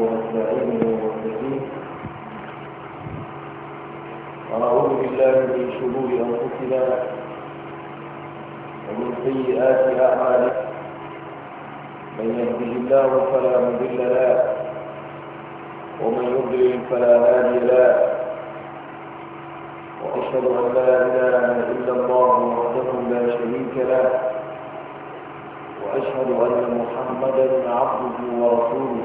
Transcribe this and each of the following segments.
ونستعينه ونستهديه ونعوذ بالله من شرور انفسنا ومن سيئات اعمالنا من يهده الله فلا مضل له ومن يضلل فلا هادي له واشهد ان لا اله الا الله وحده لا شريك له وأشهد أن محمدا عبده ورسوله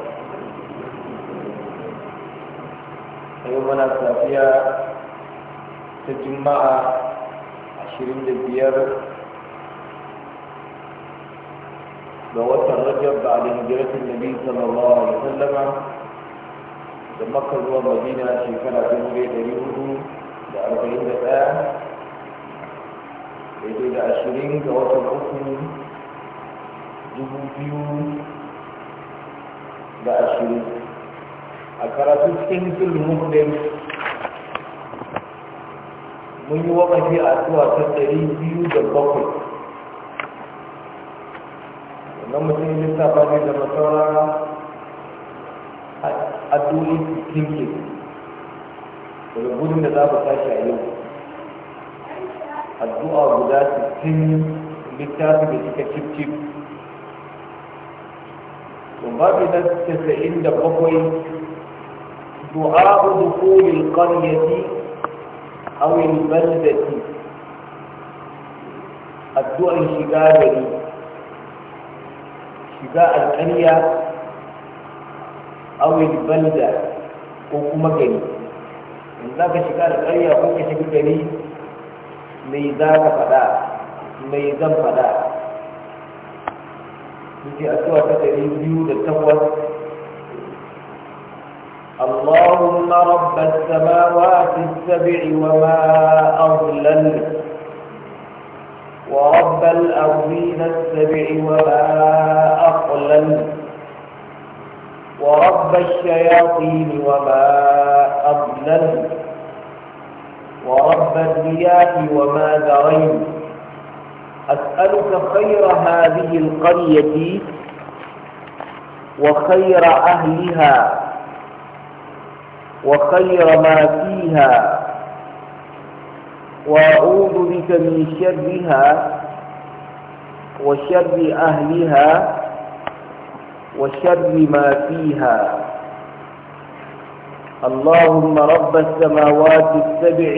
yau muna safiya ta juma'a 25 ga watan rajab ba da hijiratin nabi sallallahu alaihi wasallama da makka zuwa madina shekara ta mure dari hudu da arba'in da ɗaya daidai da ashirin ga watan uku dubu biyu da ashirin a karatu cikin zulmun da mun yi wakafi a zuwa ta ɗari biyu da bakwai wannan mutum lissafa ne da masaura addu'o'i tinke daga gudun da za ku tashi a yau addu'a guda sittin littafi da suka cif-cif babu na 97 دعاء دخول القرية أو البلدة الدعاء شجاع شجاع القرية أو البلدة وكما جري إن ذاك شجاع القرية وكما شجاع جري ميزاك فدا ميزان فدا Yake addu'a ta ɗari biyu da takwas اللهم رب السماوات السبع وما أضلل ورب الأرضين السبع وما أقلل ورب الشياطين وما أضلل ورب الرياح وما ذرين أسألك خير هذه القرية وخير أهلها وخير ما فيها وأعوذ بك من شرها وشر أهلها وشر ما فيها اللهم رب السماوات السبع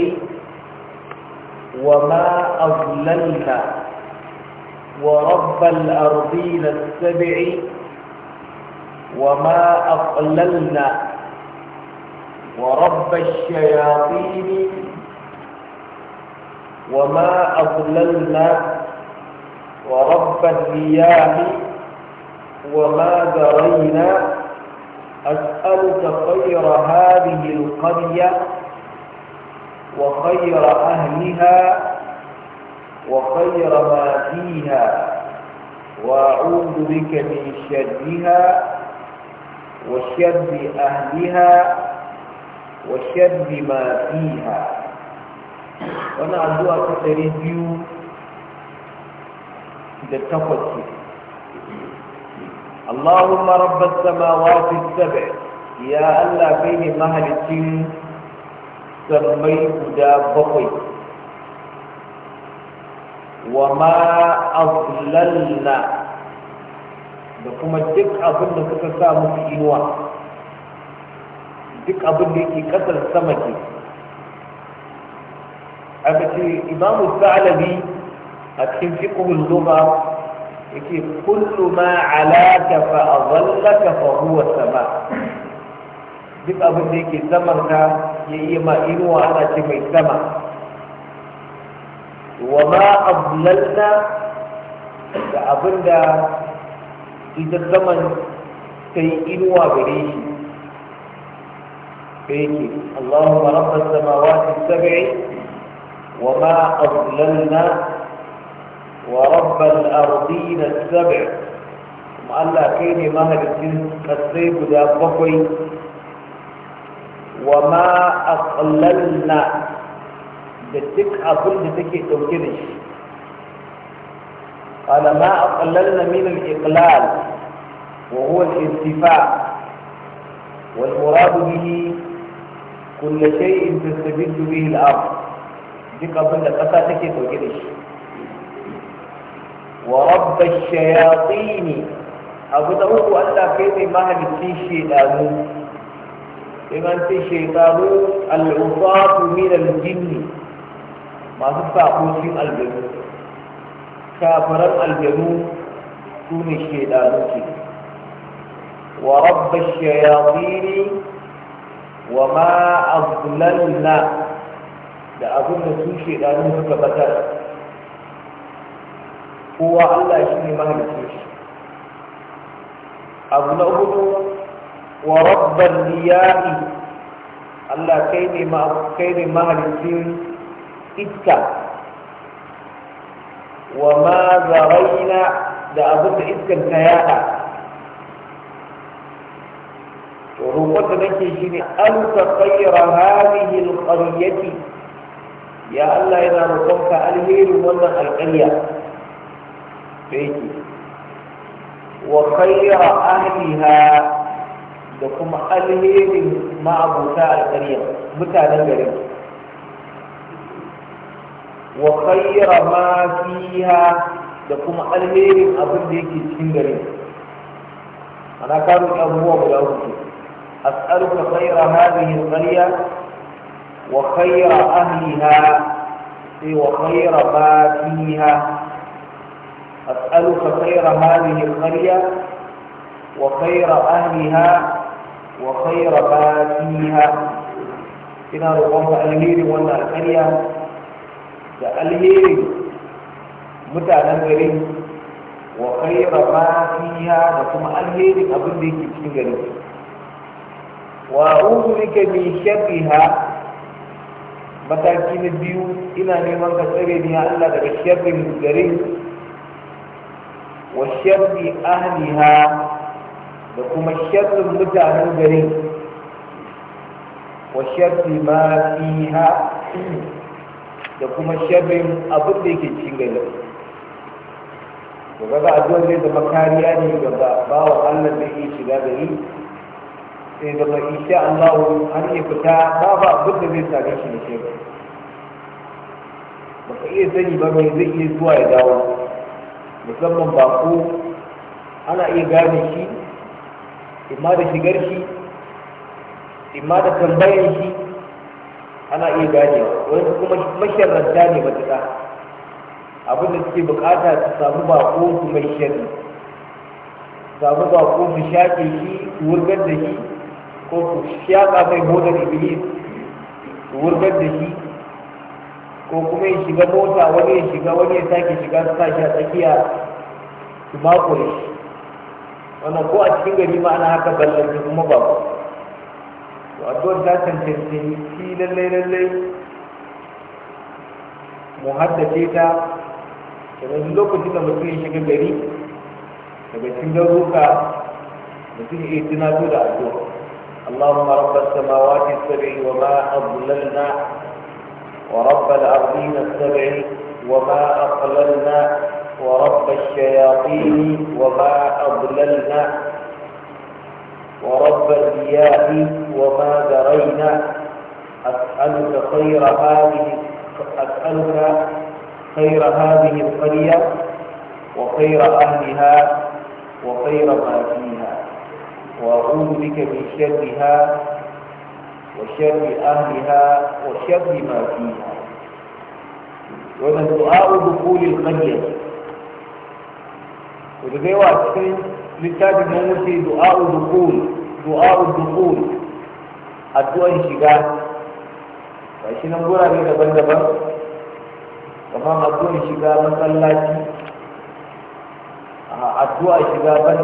وما أضللت ورب الأرضين السبع وما أقللنا ورب الشياطين وما أضللنا ورب الرياح وما درينا أسألك خير هذه القرية وخير أهلها وخير ما فيها وأعوذ بك من شرها وشر أهلها wa shaddi ma fiha wannan addu'a ta tare biyu da takwas Allahumma rabbas samawati sab'a ya Allah kaini mahalicin sammai guda bakwai wa ma azlalna da kuma duk abinda kuka sa musu inuwa duk abin da yake kasar sama ke aka ce imamu sa'alabi a cikin fiqhul lugha yake kullu ma alaka fa adallaka fa huwa sama duk abin da yake saman ka ya yi ma inuwa ana ce mai sama wa ma adlalna da abin da ita saman ta yi inuwa gare shi بيتي اللهم رب السماوات السبع وما أضللنا ورب الأرضين السبع ثم ألا كيني مهد الجنس قصيب ذا بقري وما أضللنا da كل abin da قال ما أقللنا من الإقلال وهو الانتفاع والمراد به كل شيء تستبد به الارض دي قبل قصتك وجدش ورب الشياطين ابو تروح وقال لك كيف ما في شيء لامون بما ان في العصاة من الجن ما تدفع قوسي الجنون كافرا الجنون دون الشيطان ورب الشياطين wa ma azlalna da abin da su shedanu suka batar kowa Allah shi ne mahalicci shi abu na hudu wa rabban niya'i Allah kai ne ma kai ne mahalicci iska wa ma zaraina da abin da iskan ta yada روبت نکی شنی انت خیر هذه القریت یا اللہ اینا رکم کا الہیر القرية القریا وخير أهلها اہلیها لکم الہیر مع بوتا القرية بتا نگریم وخير ما فيها لکم الہیر ابن دیکی سنگریم انا کارو ابو ابو ابو ابو ابو أسألك خير هذه القرية وخير أهلها وخير ما فيها أسألك خير هذه القرية وخير أهلها وخير ما فيها إن ربما الهير وأن القرية الهير متعلم غريب وخير ما فيها وكما الهير أبدي في الجنة wa uzurika shafi ha? mataki na biyu ina neman ka tsare ni ya Allah daga sharrin garin wa sharri ahliha da kuma sharrin mutanen garin wa shafi ma fiha da kuma sharrin abin da yake cikin garin to kaga addu'a zai zama kariya ne ga wa Allah da yake shiga gari sai zama isa Allah har ya fita babu abin da zai sami shi da shi ba ka iya sani ba mai zai iya zuwa ya dawo musamman ko ana iya gane shi imma da shigar shi imma da tambayar shi ana iya gane. wani kuma masharranta ne matuƙa abin da suke bukata su samu ko su mai shari samu ko su shaƙe shi su wurgar da shi ko su shaƙa mai motar iblis su wurgar da shi ko kuma ya shiga mota wani ya shiga wani ya sake shiga su sa shi a tsakiya su mako shi wannan ko a cikin gari ma ana haka ballan kuma ba to addu'ar ta cancanci shi lallai lallai mu haddace ta daga yanzu lokacin da mutum ya shiga gari daga cikin garuka mutum ya iya tunato da addu'a اللهم رب السماوات السبع وما أضللنا ورب الأرضين السبع وما أقللنا ورب الشياطين وما أضللنا ورب الرياح وما درينا أسألك خير هذه أسألك خير هذه القرية وخير أهلها وخير ما فيها وأعوذ بك من شرها وشر أهلها وشر ما فيها wannan du'a'u dukulil qaryah to da zai wa cikin littafin wuce du'a'u dukul du'a'u dukul shiga ba shi nan daban-daban shiga masallaci addu'a shiga ban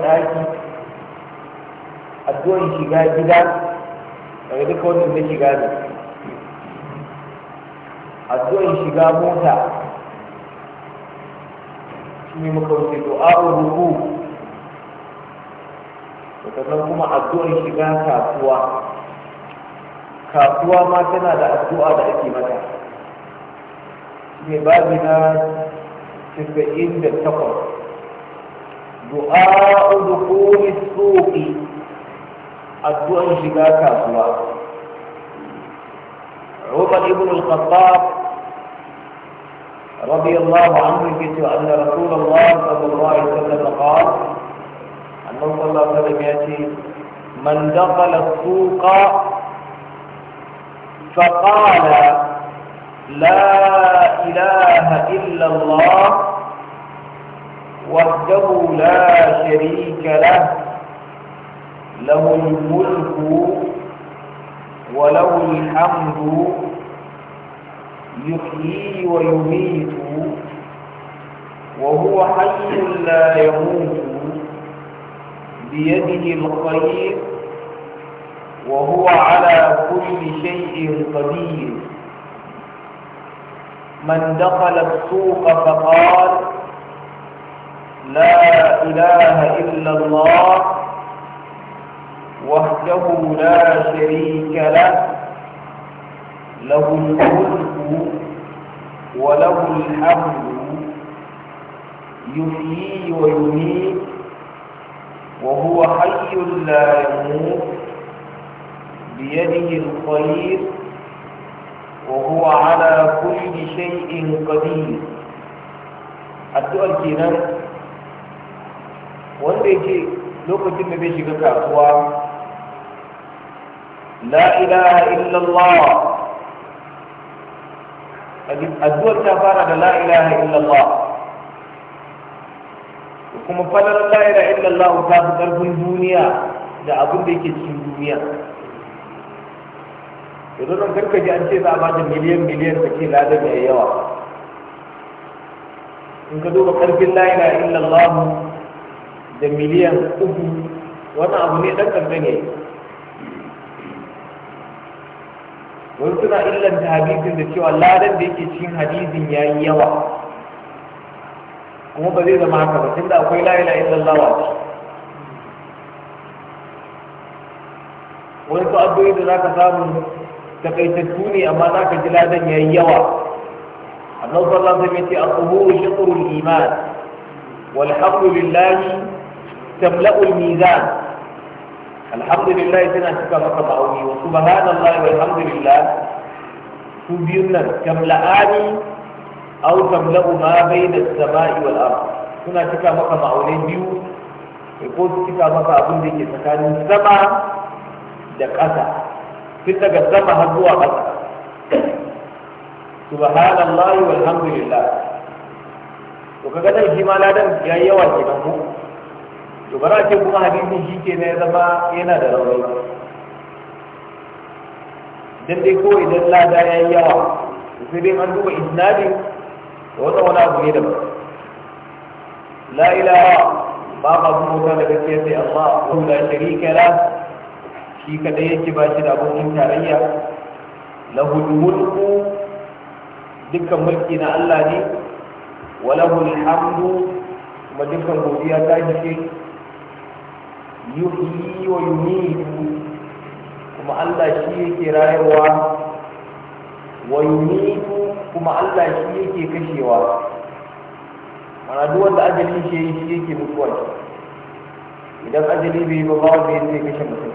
addu'ar shiga gida daga duka wani da shiga ne addu'ar shiga mota shi ne muka wuce du'a'ur ruku sannan kuma addu'ar shiga kasuwa kasuwa ma tana da addu'a da ake mata shi ne babi na 98 du'a dukhul suqi addu'an shiga kasuwa Umar ibn al-Khattab radiyallahu anhu yace anna Rasulullah sallallahu alaihi wasallam qala annahu sallallahu alaihi wasallam yace man dakhala as-suqa فقال لا إله إلا الله وحده لا شريك له له الملك وله الحمد يحيي ويميت وهو حي لا يموت بيده الخير وهو على كل شيء قدير من دخل السوق فقال لا إله إلا الله وحده لا شريك له له الملك وله الحمد يحيي ويميت وهو حي لا يموت بيده الخير وهو على كل شيء قدير addu'ar kenan وانت yake lokacin da zai shiga kasuwa لا إله إلا الله أدوى كفارة لا إله إلا الله وكما فلا لا إله إلا الله وكاف قلب الدنيا لا أقول لك في الدنيا يقولون أن تلك جانسي بعد مليون مليون بكي لا دم أيوة إن كدوا لا إله إلا الله ده مليون أبو وأنا أبو نيدا كان Wani suna illanta hadisin da cewa ladan da yake cikin hadisin ya yi yawa kuma ba zai zama haka ba tunda akwai la ilaha illallah ce wani su addu'o'i da zaka samu takaitattu ne amma zaka ji ladan ya yi yawa annabi sallallahu alaihi wasallam ya al-tuhuru shatrul iman walhamdulillahi لله تملأ alhamdulillah tana cika maka ma'auni wa subhanallah walhamdulillah su biyun nan tamla'ani aw tamla'u ma bayna biyu ko tsakanin sama da ƙasa tun sama har zuwa ƙasa subhanallah to kaga ladan yayi yawa to ba ce kuma hadisin shi ke ya zama yana da rauni dan dai ko idan lada ya yi yawa sai dai an duba isnadi da wata wani abu ne daban la ilaha ba ka kuma da gaskiya sai amma wa la sharika la shi kadai yake ba shi da abokin tarayya lahu mulku dukkan mulki na Allah ne wa lahu alhamdu kuma dukkan godiya ta shi yuhyi wa yumitu kuma Allah shi yake rayuwa wa yumitu kuma Allah shi yake kashewa mana duk wanda ajali shi yake shi yake mutuwa idan ajali bai ba babu yadda ya kashe mutum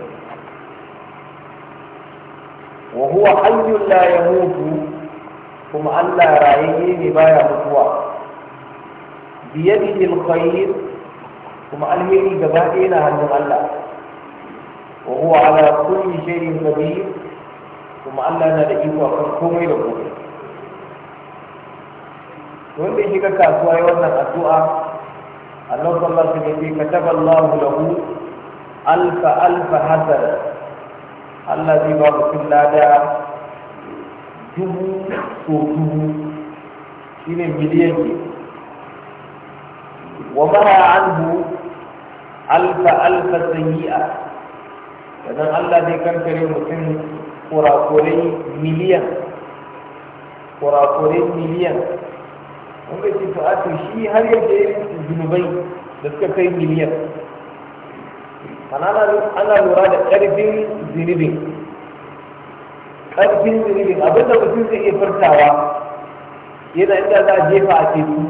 wa huwa hayyul la yamutu kuma Allah rayayye ne baya mutuwa biyadihi alkhayr kuma alheri gaba ɗaya na hannun Allah wa huwa ala kulli shay'in qadir kuma Allah na da iko kan komai da komai wanda ya shiga kasuwa ya wannan addu'a Allah sallallahu alaihi wasallam ya kataba Allah lahu alfa alfa hasana Allah zai ba mutum lada dubu ko dubu shine miliyan ne. wa maha anhu alfa alfa sayyi'a idan Allah zai kankare mutum kurakurai miliyan kurakurai miliyan kuma ce to shi har yadda ya zunubai da suka kai miliyan sanana ana lura da ƙarfin zunubin ƙarfin zunubin abinda mutum zai iya furtawa yana inda za a jefa a teku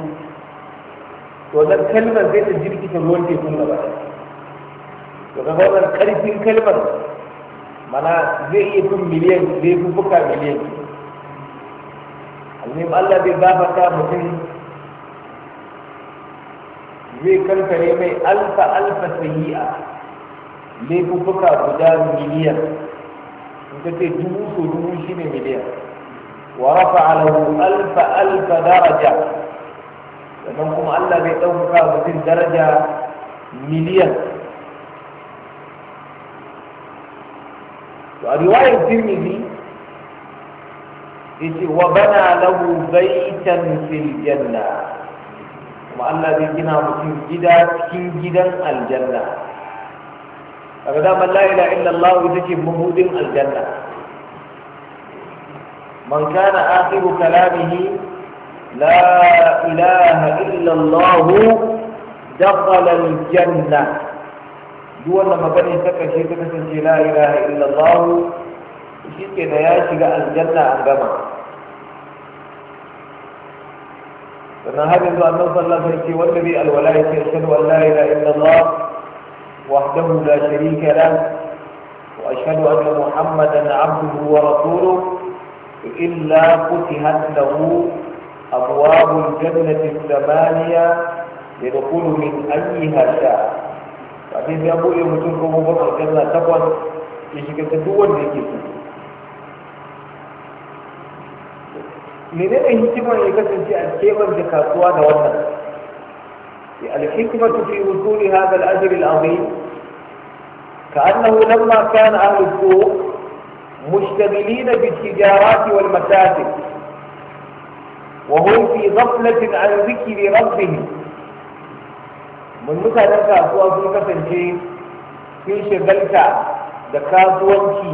to dan kalmar zai ta jirkita ruwan tekun gaba ɗaya daga ga wannan karfin kalmar mana zai iya fin miliyan zai fi fuka miliyan annim Allah zai zafata mutum zai kankare mai alfa alfa sayi'a laifuffuka guda miliyan in ka ce dubu so dubu shi ne miliyan wa rafa alahu alfa alfa daraja sannan kuma Allah zai ɗaukaka mutum daraja miliyan فرواية الترمذي وبنى له بيتا في الجنة وأن أن الذي كنا مسجدا سجدا الجنة فقدام لا إله إلا الله يتكي مهود الجنة من كان آخر كلامه لا إله إلا الله دخل الجنة duk wannan magana ta karshe ta kasance la ilaha illallah shi ke da ya shiga aljanna an gama sannan har yanzu annabi sallallahu alaihi wasallam ce wanda bai alwala ya ce ashhadu an la ilaha illallah wahdahu la sharika lah wa ashhadu anna muhammadan abduhu wa rasuluhu إلا فتحت له أبواب الجنة الثمانية يدخل من أيها شاء kafin ya buɗe mutum ko gobe aljanna takwas ya shiga ta duk wanda yake so menene hikimar ya kasance a keban da kasuwa da wannan الحكمة في وصول هذا الأجر العظيم كأنه لما كان أهل السوق مشتغلين بالتجارات والمكاتب وهم في غفلة عن ذكر ربهم mun mutanen kasuwa sun kasance sun shigalta da kasuwanci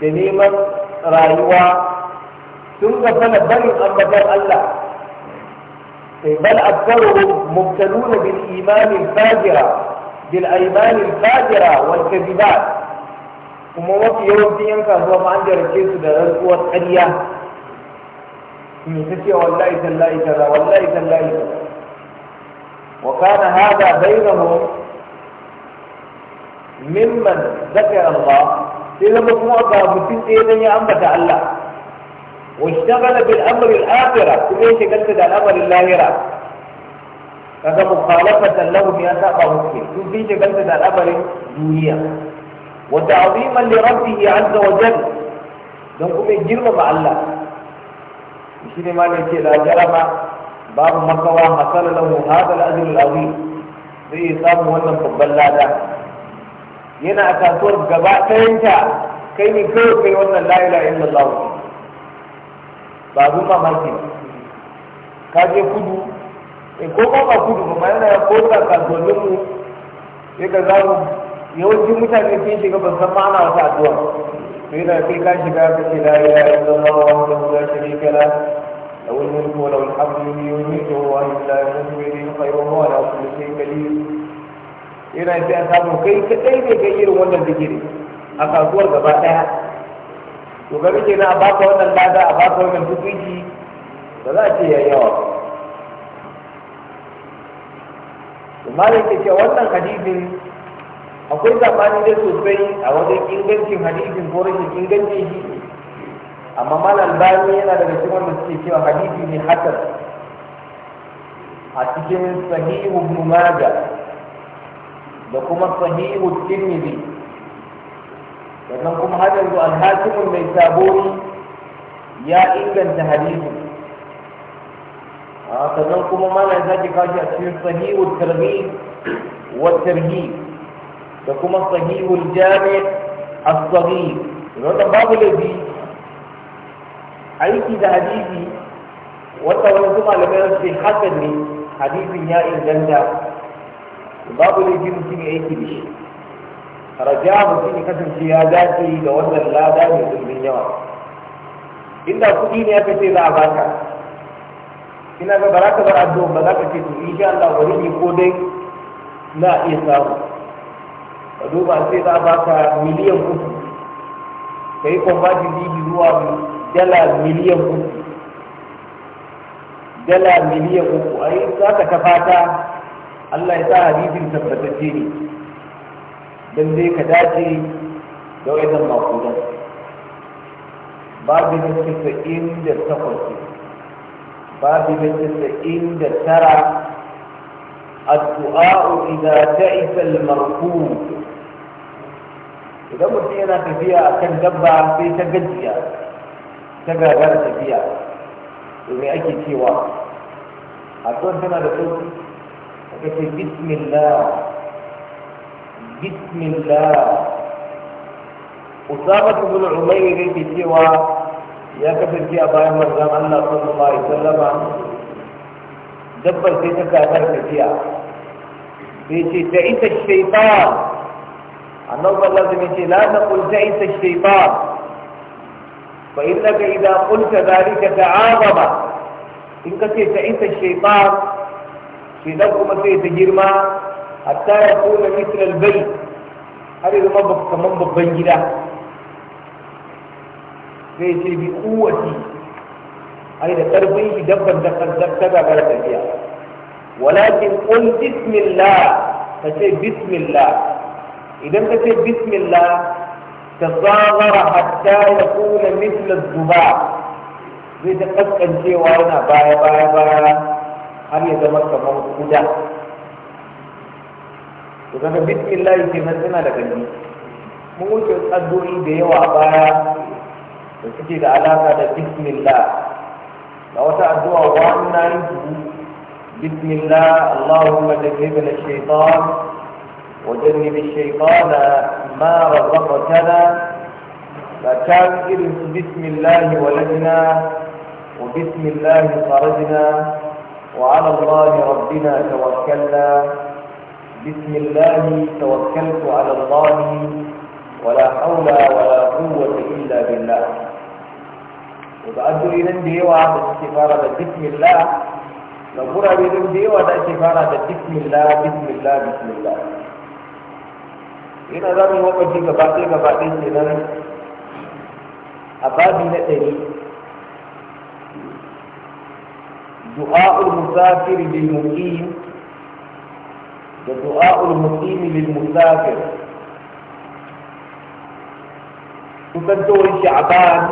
da neman rayuwa sun gafana barin ambatan Allah sai bal aktaruhum mubtaluna bil iman al fajira bil ayman fajira wal kuma mafi yawancin yan kasuwa ma an jarace su da rantsuwar ƙarya me ta ce wallahi tallahi kaza wallahi tallahi وكان هذا بينهم ممن ذكر الله إذا مطمئة إيه مثل إذن يأمة الله واشتغل بالأمر الآخرة كم قلت ده الأمر اللاهرة هذا مخالفة له في أن ساقا مسلم كم قلت ده الأمر الدنيا وتعظيما لربه عز وجل لنكم يجرم مع الله يشيني ما نشي لا جرم babu makawa hasala lahu hadal ajr al-azim sai samu wannan babban lada yana a kasuwar gaba ɗayanta kai ne kawai kai wannan la ilaha illallah ba ma mamaki ka je kudu e ko ba ba kudu ba yana ko ka kasuwannin mu sai ka zamu yawancin mutane sun shiga ban san ma ana wata addu'a sai da kai ka shiga ka ce la ilaha illallah wa muhammadu rasulullah لو الملك ولو الحمد يميته وان لا يميت الخير ولا كل شيء قدير yana sai an samu kai kadai ne kai irin wannan zikiri a kasuwar gaba daya to ga muke na a baka wannan lada a baka wannan tukuici ba za a ce ya yawa to malam ke ce wannan hadisin akwai zamani da sosai a wajen ingancin hadisin ko rashin ingancin shi amma malam bani yana daga cikin wanda suke cewa hadisi ne hasan a cikin sahihu ibn majah da kuma sahihu tirmidhi sannan kuma har yanzu al-hakim mai sabori ya inganta hadisi a sannan kuma malam zaki kashi a cikin sahihu tirmidhi wa tirmidhi da kuma sahihu al-jami' as sahih wannan babu laifi aiki da hadisi wata wani kuma malamai su hakan ne hadisin ya inganta babu ne jin mutum ya aiki da shi raja mutum ya kasance ya dace da wannan lada mai zumbin yawa inda kuɗi ne aka ce za a baka ina ga baraka bar addu'a ba za ka ce to insha Allah wani ne ko dai na iya samu ka duba sai za a baka miliyan uku ka yi jirgin ruwa zuwa dala miliyan uku dala miliyan uku a yi ka ta fata Allah ya sa hadisin tabbatacce ne don zai ka dace da wajen makudan babu da casa'in da takwas babu da casa'in da tara الدعاء إذا تعس المركوب idan mutum yana tafiya a kan dabba sai ta gajiya ta da tafiya domin ake cewa a tsohon tana da sauki a kashe bismillah bismillah usama ibn umayr yake cewa ya kasance a bayan marzan Allah sallallahu alaihi wasallama dabbar sai ta kafar tafiya sai ce ta isa shaytan annabi sallallahu alaihi wasallam ce la taqul ta ita shaifa فإنك إذا قلت ذلك تعاظم إن كنت تعيس الشيطان شيطانكم سيتجرم حتى يكون مثل البيت هذا المنبق كمنبق بين جدا سيتي بقوتي أين تربيه دبا دبا دبا دبا تبيع ولكن قل بسم الله فسي بسم الله إذا فسي بسم الله تظاهر حتى يكون مثل الذباب zai ta kaskancewa yana baya baya baya har ya zama kamar kuda to kaga bismillah ke nan tana da gani mun wuce da yawa baya da suke da alaƙa da bismillah ga wata addu'a wa anna bismillah وجنب الشيطان ما رزقتنا فكافر بسم الله ولدنا وبسم الله خرجنا وعلى الله ربنا توكلنا بسم الله توكلت على الله ولا حول ولا قوة إلا بالله وبعد إذن ديوة استفارة بسم الله نقول إذن ديوة استفارة بسم الله بسم الله بسم الله, بسم الله. ina za mu yi wakafi gaba ɗaya gaba ɗaya ke nan a babi na ɗari du'a'ul musafir lil muqim da du'a'ul muqim lil musafir kusantowar sha'ban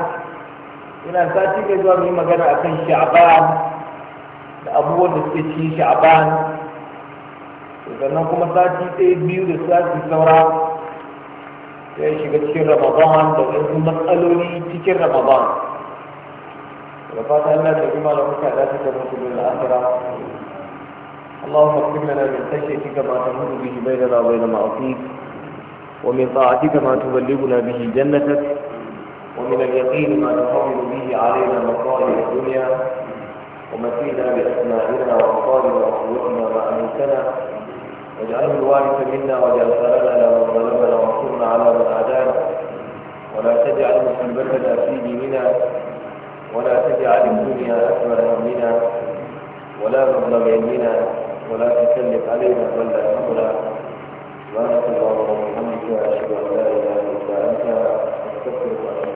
ina sati ne zuwa mu yi magana akan sha'ban da abubuwan da suke cikin sha'ban sannan kuma sati ɗaya biyu da sati saura ya shiga cikin ramadan da wasu matsaloli cikin ramadan da fata Allah ta jima da kuka da ta mutu bin al'asara اللهم اغفر لنا من خشيتك ما تمر به بيننا وبين معصيك ومن طاعتك ما تبلغنا به جنتك ومن اليقين ما تحول به علينا مصائب الدنيا ومسينا بأسمائنا وأبصارنا وقوتنا ما أملكنا واجعله الوارث منا واجعل ثارنا لمن ظلمنا وانصرنا على من عادانا ولا تجعل مصيبتنا في ديننا ولا تجعل الدنيا اكبر همنا ولا مبلغ علمنا ولا تكلف علينا من لا يهمنا سبحانك اللهم وبحمدك اشهد ان لا اله الا انت استغفرك